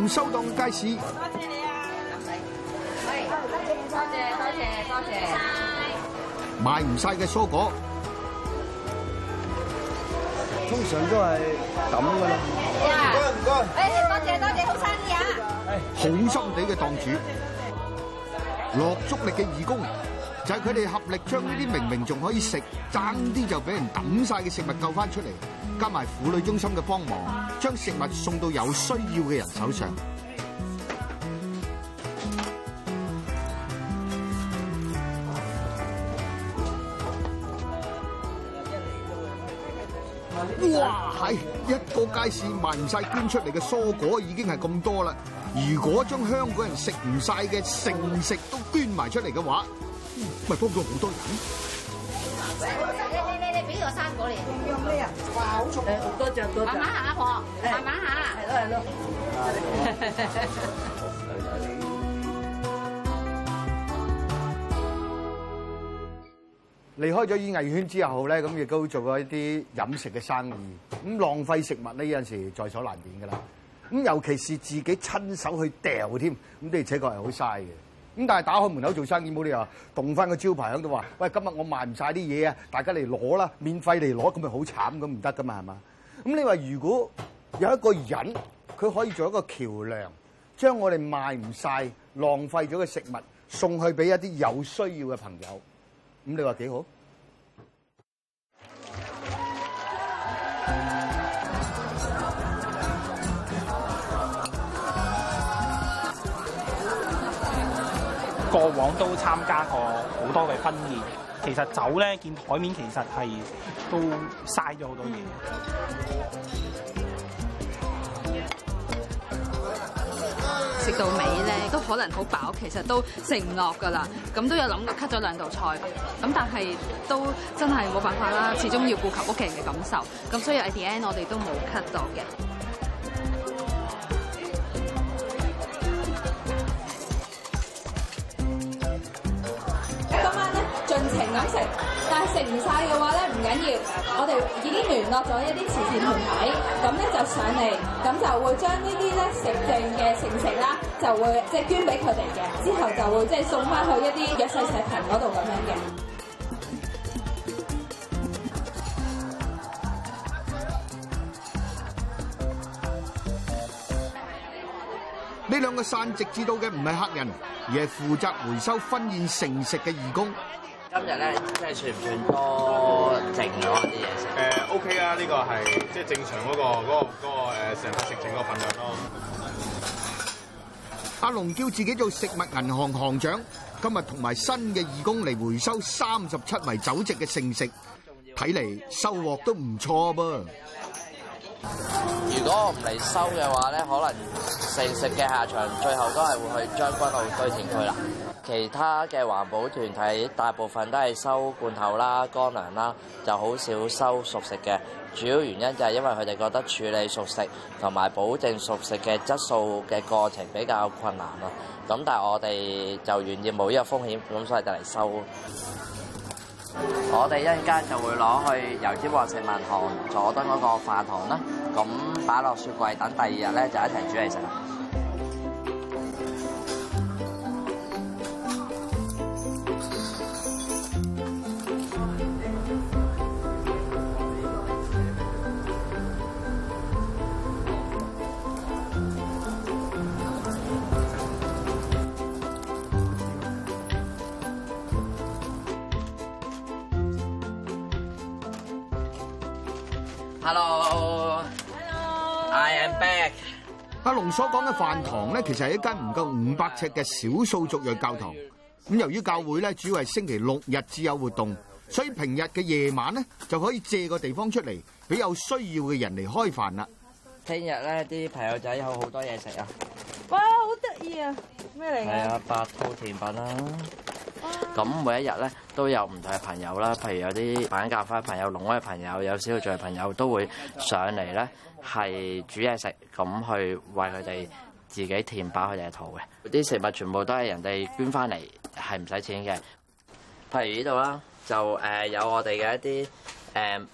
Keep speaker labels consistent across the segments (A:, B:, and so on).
A: 唔收檔街市，
B: 多謝，謝你啊，唔該。係，多謝多謝多謝，好。謝謝謝謝
A: 賣唔晒嘅蔬果，對通常都係咁噶啦。唔
B: 該唔該，誒多謝多謝，謝謝謝謝對好生意啊。
A: 好心地嘅檔主，落足力嘅義工。就係佢哋合力將呢啲明明仲可以食，爭啲就俾人抌晒嘅食物救翻出嚟，加埋婦女中心嘅幫忙，將食物送到有需要嘅人手上。哇！係一個街市賣唔晒捐出嚟嘅蔬果已經係咁多啦，如果將香港人食唔晒嘅剩食都捐埋出嚟嘅話，
C: 咪幫到好多人，你你
B: 你你俾個生果嚟，仲要咩啊？哇，好重！好多隻多，慢慢嚇阿婆，慢慢嚇，嚟咯嚟咯。
A: 離開咗演藝圈之後咧，咁亦都做過一啲飲食嘅生意。咁浪費食物呢，有陣時在所難免噶啦。咁尤其是自己親手去掉添，咁而且確係好嘥嘅。咁但係打開門口做生意，冇理由動翻個招牌喺度話，喂，今日我賣唔晒啲嘢啊，大家嚟攞啦，免費嚟攞，咁咪好慘，咁唔得㗎嘛，係嘛？咁你話如果有一個人，佢可以做一個橋梁，將我哋賣唔晒、浪費咗嘅食物送去俾一啲有需要嘅朋友，咁你話幾好？
C: 過往都參加過好多嘅婚宴，其實酒咧見檯面其實係都嘥咗好多嘢。
B: 食到尾咧
C: 都可能好飽，其實都食唔落噶啦。咁都有諗過 cut 咗兩道菜，咁但係都真係冇辦法啦，始終要顧及屋企人嘅感受。咁所以 at the end 我哋都冇 cut 到嘅。
B: 食唔晒嘅話咧，唔緊要，我哋已經聯絡咗一啲慈善團體，咁咧就上嚟，咁就會將呢啲咧食剩嘅剩食啦，就會即係捐俾佢哋嘅，之後就會即係送翻去一啲弱勢社群嗰度咁
A: 樣嘅。呢兩個散席至到嘅唔係客人，而係負責回收婚宴剩食嘅義
D: 工。今日咧，即係算唔算多剩咗啲嘢食？誒 OK 啊，呢個係
C: 即係正常嗰個嗰個嗰個誒成日食剩個份量
A: 咯。阿龍叫自己做食物銀行行長，今日同埋新嘅義工嚟回收三十七圍酒席嘅剩食，睇嚟收穫都唔錯噃。如
D: 果我唔嚟收嘅話咧，可能剩食嘅下場最後都係會去將軍澳堆填區啦。其他嘅環保團體大部分都係收罐頭啦、乾糧啦，就好少收熟食嘅。主要原因就係因為佢哋覺得處理熟食同埋保證熟食嘅質素嘅過程比較困難啊。咁但係我哋就願意冇呢個風險，咁所以就嚟收。我哋一陣間就會攞去油尖旺食物銀行佐敦嗰個飯堂啦，咁擺落雪櫃等第二日咧就一齊煮嚟食。Hello，Hello, I am back。
A: 阿龍所講嘅飯堂咧，其實係一間唔夠五百尺嘅少數族裔教堂。咁由於教會咧主要係星期六日至有活動，所以平日嘅夜晚咧就可以借個地方出嚟俾
D: 有需要嘅人嚟開飯啦。聽日咧啲朋友仔有好多嘢食啊！
B: 哇，好得意啊！咩嚟噶？係啊，
D: 白兔甜品啦。咁每一日咧都有唔同嘅朋友啦，譬如有啲板間房朋友、籠位嘅朋友、有需要助嘅朋友都會上嚟咧，係煮嘢食咁去為佢哋自己填飽佢哋嘅肚嘅。啲食物全部都係人哋捐翻嚟，係唔使錢嘅。譬如呢度啦，就誒有我哋嘅一啲誒、嗯、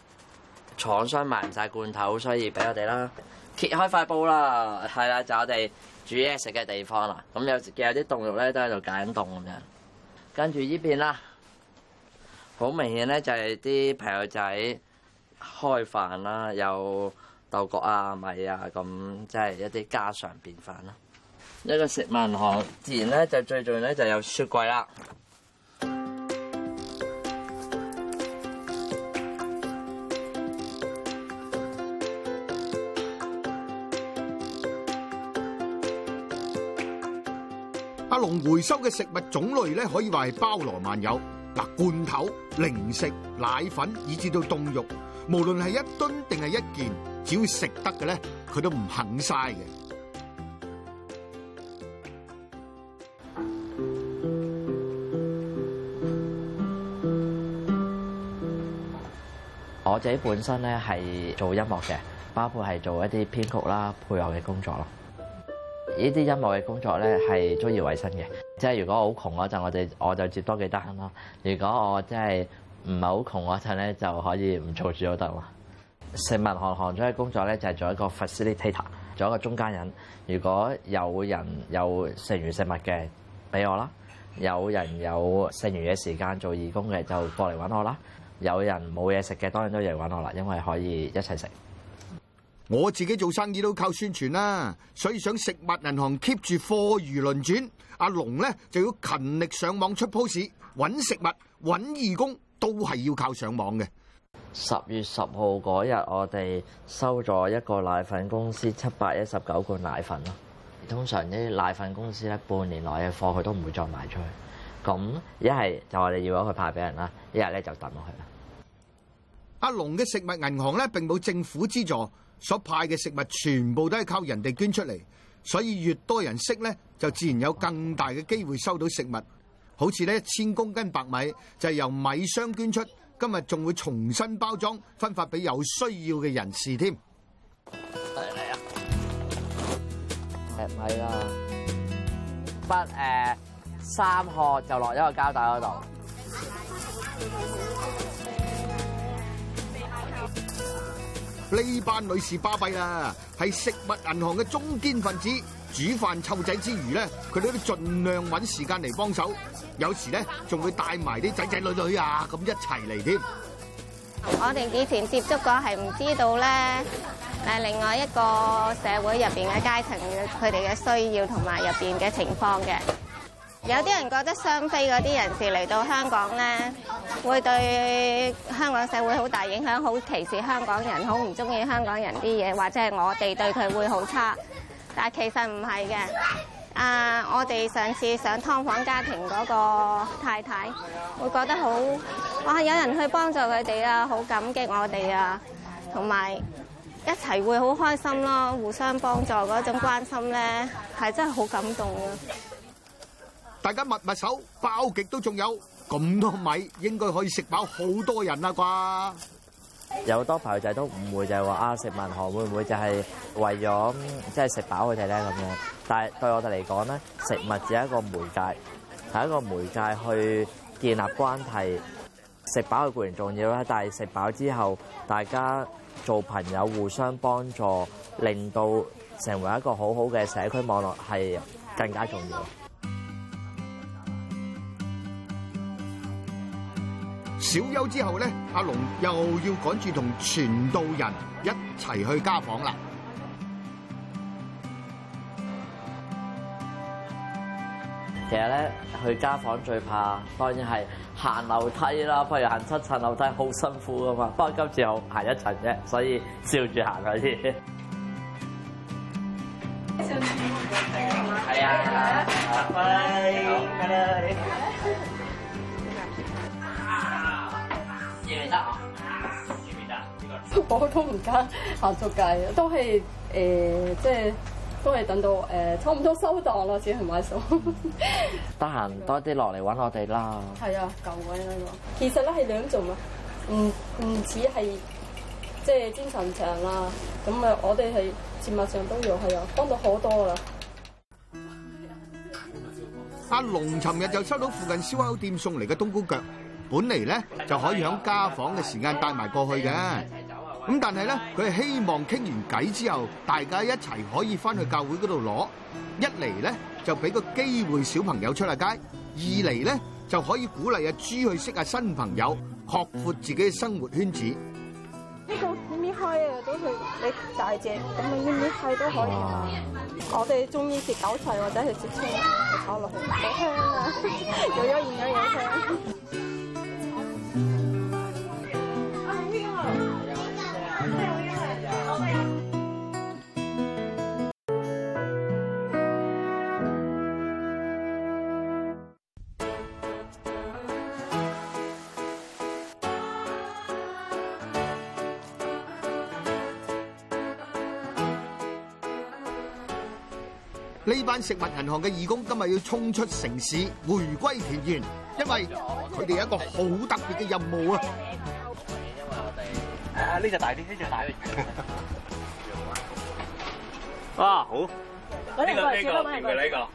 D: 廠商賣唔晒罐頭，所以俾我哋啦。揭開塊布啦，係啦，就我哋煮嘢食嘅地方啦。咁有有啲凍肉咧都喺度解凍咁樣。跟住依邊啦，好明顯咧就係啲朋友仔開飯啦，有豆角啊、米啊，咁即係一啲家常便飯啦。一個食物行，自然咧就最重要咧就有雪櫃啦。
A: 阿龍回收嘅食物種類咧，可以話係包羅萬有。嗱，罐頭、零食、奶粉，以至到凍肉，無論係一噸定係一件，只要食得嘅咧，佢都唔肯嘥嘅。
D: 我自己本身咧係做音樂嘅，包括係做一啲編曲啦、配樂嘅工作咯。呢啲音樂嘅工作咧係足以為生嘅，即係如果好窮嗰陣，我哋我就接多幾單咯；如果我即係唔係好窮嗰陣咧，就可以唔做住都得嘛。食物行行長嘅工作咧就係、是、做一個 facilitator，做一個中間人。如果有人有剩餘食物嘅，俾我啦；有人有剩餘嘅時間做義工嘅，就過嚟揾我啦；有人冇嘢食嘅，當然都要嚟揾我啦，因為可以一齊食。我自己做生意都靠宣傳啦，所以想食物銀行
A: keep 住貨如輪轉。阿龍呢就要勤力上網出 post 揾食物、
D: 揾義工，都係要靠上網嘅。十月十號嗰日，我哋收咗一個奶粉公司七百一十九罐奶粉咯。通常呢啲奶粉公司呢半年內嘅貨佢都唔會再賣出去。咁一係就話你要攞去派俾人啦，一係呢就抌落去啦。
A: 阿龍嘅食物銀行呢並冇政府資助。所派嘅食物全部都係靠人哋捐出嚟，所以越多人識咧，就自然有更大嘅機會收到食物。好似呢，一千公斤白米就係由米商捐出，今日仲會重新包裝分發俾有需要嘅人士添。
D: 嚟啊！係咪啊？啦、uh，三號就落咗個膠袋嗰度。
A: 呢班女士巴閉啦，係食物銀行嘅中堅分子，煮飯湊仔之餘咧，佢哋都盡量揾時間嚟幫手，有時咧仲會帶埋啲仔仔女女啊咁，一齊嚟添。
B: 我哋以前接觸過，係唔知道咧，誒另外一個社會入邊嘅階層，佢哋嘅需要同埋入邊嘅情況嘅。有啲人覺得雙非嗰啲人士嚟到香港咧，會對香港社會好大影響，好歧視香港人，好唔鍾意香港人啲嘢，或者係我哋對佢會好差。但係其實唔係嘅。啊，我哋上次上劏房家庭嗰個太太，會覺得好哇，有人去幫助佢哋啊，好感激我哋啊，同埋一齊會好開心咯，互相幫助嗰種關心咧，係真係好感動啊！
A: 大家密密手，包極都仲有咁多米，應該可以食飽好多人啦啩？
D: 有好多朋友仔都唔會就係話啊食物銀行會唔會就係為咗即係食飽佢哋咧咁樣？但係對我哋嚟講咧，食物只係一個媒介，係一個媒介去建立關係。食飽固然重要啦，但係食飽之後，大家做朋友，互相幫助，令到成為一個好好嘅社區網絡，係更加重要。
A: 小休之後咧，阿龍又要趕住同全道人
D: 一齊去家訪啦。其實咧，去家訪最怕當然係行樓梯啦，不如行七層樓梯好辛苦噶嘛。不過今次又行一層啫，所以笑住行下先。係
B: 啊，拜拜。我都唔加，行出街，都係誒，即、呃、係都係等到誒、呃，差唔多收檔啦，先去買餸、嗯。
D: 得閒多啲落嚟揾我哋啦。
B: 係啊，舊位啦，其實咧係兩種啊，唔唔似係即係精神上啦，咁啊，我哋係節目上都要係啊，幫到好多啦。
A: 阿龍尋日就收到附近燒烤店送嚟嘅冬菇腳，本嚟咧就可以喺家訪嘅時間帶埋過去嘅。咁但係咧，佢係希望傾完偈之後，大家一齊可以翻去教會嗰度攞。一嚟咧就俾個機會小朋友出下街，二嚟咧就可以鼓勵阿豬去識下新朋友，擴闊自己嘅生活圈子。
B: 呢個咪點開啊！都去你大隻，咁你點點開都可以。我哋中意食韭菜或者去食青菜炒落去，好香啊！有肉有油香。
A: 食物銀行嘅義工今日要衝出城市，回歸田園，因為佢哋有一個好特別嘅任務啊！
C: 呢隻大啲，呢隻大啲。啊好，呢
B: 個呢個係咪呢
C: 個？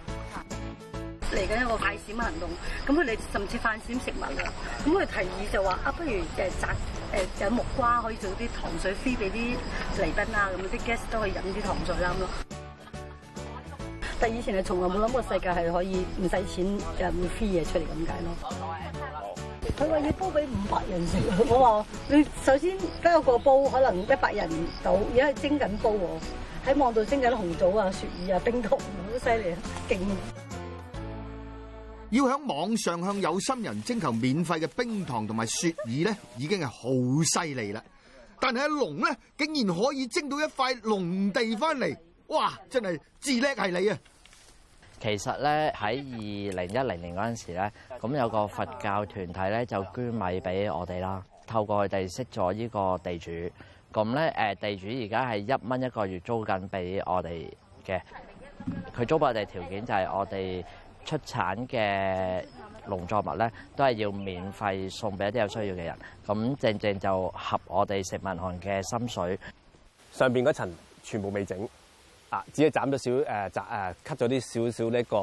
C: 嚟緊一個快閃行動，咁佢哋甚至快閃食物啊！咁佢提議就話啊，不如誒摘誒有木瓜可以做啲糖水，飛俾啲嚟賓啊，咁啲 guest 都可以飲啲糖水啱咯。但以前係從來冇諗過世界係可以唔使錢就會飛嘢出嚟咁解咯。佢話要煲俾五百人食，我話你首先得個煲可能一百人到，而家係蒸緊煲喎，喺網度蒸緊紅棗啊、雪耳啊、冰糖，好犀利，勁！
A: 要喺網上向有心人徵求免費嘅冰糖同埋雪耳咧，已經係好犀利啦。但係阿龍咧，竟然可以蒸到一塊龍地翻嚟，哇！真係自叻係你啊！
D: 其實咧喺二零一零年嗰陣時咧，咁有個佛教團體咧就捐米俾我哋啦。透過佢哋識咗依個地主，咁咧誒地主而家係一蚊一個月租緊俾我哋嘅。佢租俾我哋條件就係我哋出產嘅農作物咧都係要免費送俾一啲有需要嘅人。咁正正就合我哋食物行嘅心水。
C: 上邊嗰層全部未整。啊！只係斬咗少誒摘誒 cut 咗啲少少呢個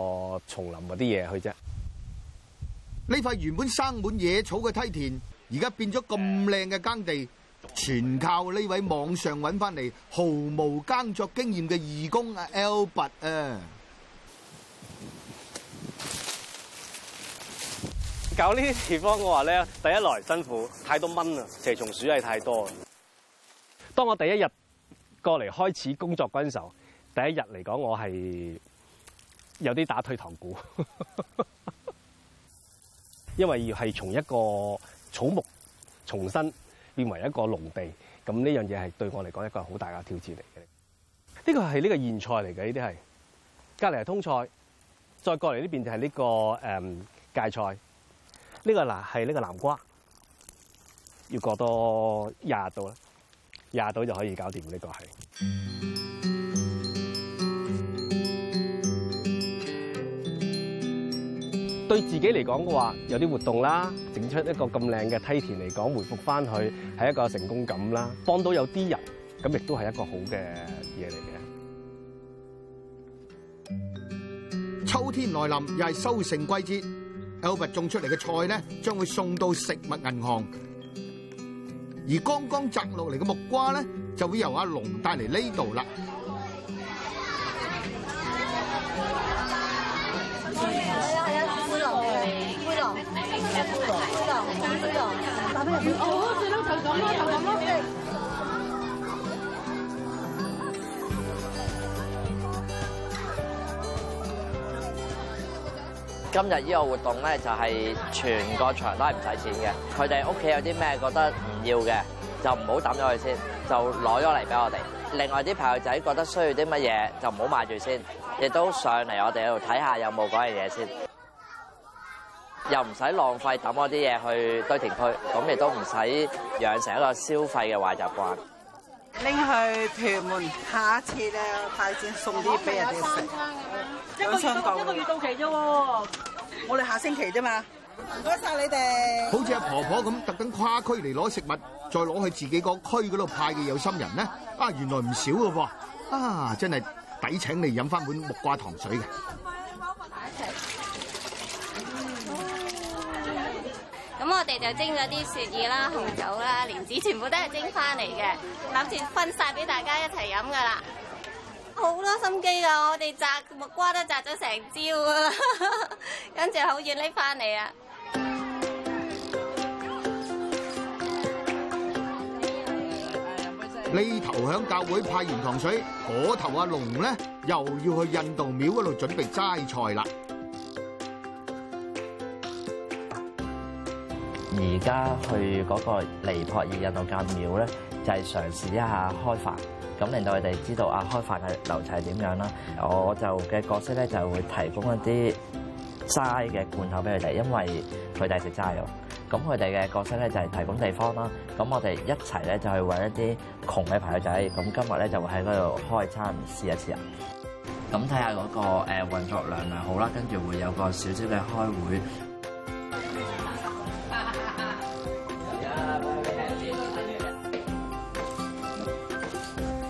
C: 叢林嗰啲嘢去啫。
A: 呢塊原本生滿野草嘅梯田，而家變咗咁靚嘅耕地，全靠呢位網上揾翻嚟毫無耕作經驗嘅義工啊 Albert
C: 搞呢啲地方嘅話咧，第一來辛苦，太多蚊啊，蛇蟲鼠蟻太多。當我第一日過嚟開始工作嗰陣時候。第一日嚟講，我係有啲打退堂鼓， 因為要係從一個草木重新變為一個農地，咁呢樣嘢係對我嚟講一個好大嘅挑戰嚟嘅。呢個係呢個莧菜嚟嘅，呢啲係隔籬係通菜，再過嚟呢邊就係呢個誒、嗯、芥菜，呢、呢個嗱係呢個南瓜，要過多廿度啦，廿度就可以搞掂呢、呢個係。對自己嚟講嘅話，有啲活動啦，整出一個咁靚嘅梯田嚟講，回覆翻去係一個成功感啦。幫到有啲人，咁亦都係一個好嘅嘢嚟嘅。
A: 秋天來臨，又係收成季節。Albert 種出嚟嘅菜咧，將會送到食物銀行。而剛剛摘落嚟嘅木瓜咧，就會由阿龍帶嚟呢度啦。
B: 好，好，好，就咁咯，就咁
D: 咯。今日呢個活動咧，就係全個場都係唔使錢嘅。佢哋屋企有啲咩覺得唔要嘅，就唔好抌咗佢先，就攞咗嚟俾我哋。另外啲朋友仔覺得需要啲乜嘢，就唔好買住先，亦都上嚟我哋嗰度睇下有冇嗰樣嘢先。又唔使浪費抌嗰啲嘢去堆停區，咁亦都唔使養成一個消費嘅壞習慣。
B: 拎去屯門，下一次咧派錢送啲俾人哋食。有三一個月
C: 到期啫喎，我哋下星期啫嘛，唔該晒你哋。
A: 好似阿婆婆咁特登跨區嚟攞食物，再攞去自己個區嗰度派嘅有心人咧，啊，原來唔少嘅喎，啊，真係抵請你飲返碗木瓜糖水嘅。
B: 咁我哋就蒸咗啲雪耳啦、紅棗啦、蓮子，全部都係蒸翻嚟嘅，諗住分曬俾大家一齊飲噶啦。好多心機啊！我哋摘木瓜都摘咗成朝啦，跟住好遠拎翻嚟啊！
A: 呢頭響教會派完糖水，嗰頭阿龍咧又要去印度廟嗰度準備齋菜啦。
D: 而家去嗰個尼泊爾印度教廟咧，就係嘗試一下開飯，咁令到佢哋知道啊開飯嘅流程係點樣啦。我就嘅角色咧就會提供一啲齋嘅罐頭俾佢哋，因為佢哋係食齋啊。咁佢哋嘅角色咧就係提供地方啦。咁我哋一齊咧就去搵一啲窮嘅朋友仔。咁今日咧就會喺嗰度開餐試一試啊。咁睇下嗰個誒運作量係好啦，跟住會有個少少嘅開會。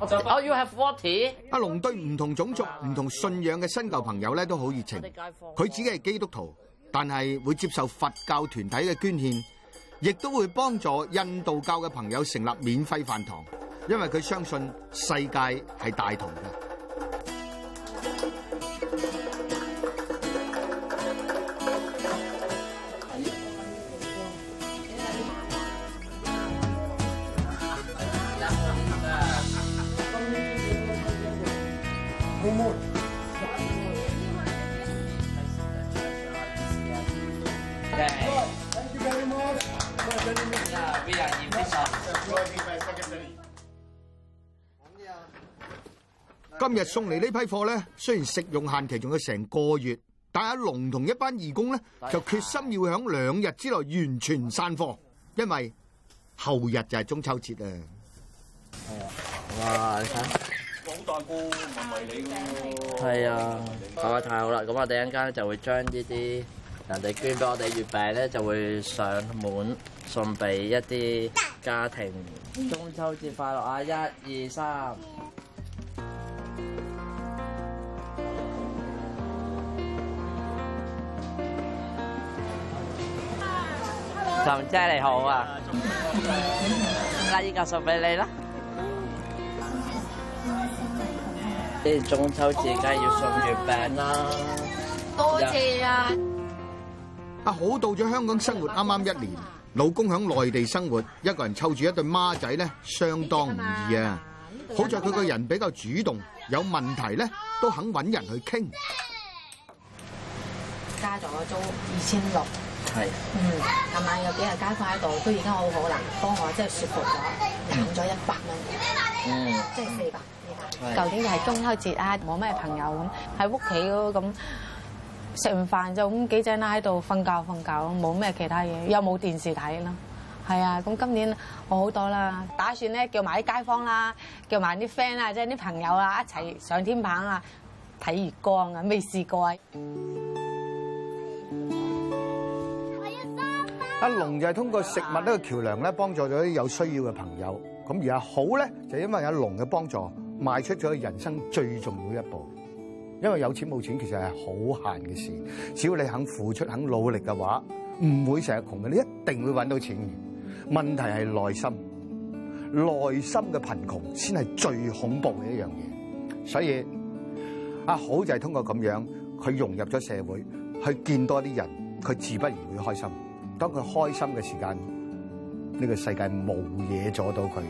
C: 我要、okay. oh,
A: you have 40阿龍對唔同種族、唔同信仰嘅新舊朋友咧都好熱情。佢自己係基督徒，但係會接受佛教團體嘅捐獻，亦都會幫助印度教嘅朋友成立免費飯堂，因為佢相信世界係大同嘅。今日送嚟呢批貨咧，雖然食用限期仲有成個月，但係阿龍同一班義工咧就決心要喺兩日之內完全散貨，因為
D: 後日就係中秋節啦。係啊！哇，你睇，
C: 我好大個唔係你
D: 噶喎。係啊，太好啦！咁我哋陣間就會將呢啲人哋捐俾我哋月餅咧，就會上門送俾一啲家庭。中秋節快樂啊！一二三。林姐你好啊，阿姨教授俾你啦。即係中秋節梗係要送月餅啦，
A: 多謝啊！啊好到咗香港生活啱啱一年，老公響內地生活，一個人湊住一對孖仔咧，相當唔易啊！好在佢個人比較主動，有問題咧都肯揾人去傾。加咗個租二千六。
C: 係。嗯，琴晚有幾日街坊喺度，都已經好好啦，幫我即係説服咗，減咗一百蚊，嗯，即係四百，四百。舊年又係中秋節啊，冇咩朋友咁，喺屋企嗰個咁，食完飯就咁幾仔喺度瞓覺瞓覺咯，冇咩其他嘢，又冇電視睇咯。係啊，咁今年好好多啦，打算咧叫埋啲街坊啦，叫埋啲 friend 啊，即係啲朋友啊一齊上天棚啊睇月光啊，未試過啊！
A: 阿龍就係通過食物呢個橋樑咧，幫助咗啲有需要嘅朋友。咁而阿好咧，就因為有阿龍嘅幫助，邁出咗人生最重要的一步。因為有錢冇錢其實係好閒嘅事，只要你肯付出，肯努力嘅話，唔會成日窮嘅，你一定會搵到錢嘅。問題係內心，內心嘅貧窮先係最恐怖嘅一樣嘢。所以阿好就係通過咁樣，佢融入咗社會，去見多啲人，佢自不然會開心。當佢開心嘅時間，呢個世界冇嘢阻到佢。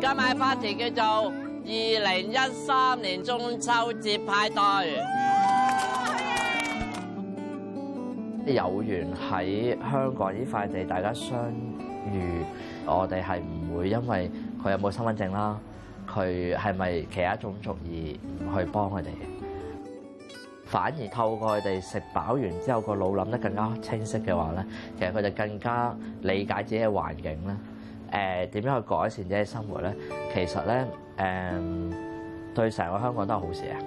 D: 加埋花姐叫做。二零一三年中秋節派對，有緣喺香港呢塊地大家相遇，我哋係唔會因為佢有冇身份證啦，佢係咪其他種族而唔去幫佢哋嘅，反而透過佢哋食飽完之後個腦諗得更加清晰嘅話咧，其實佢就更加理解自己嘅環境咧。誒點、呃、樣去改善呢啲生活咧？其實咧，誒、呃、對成個香港都係好事啊！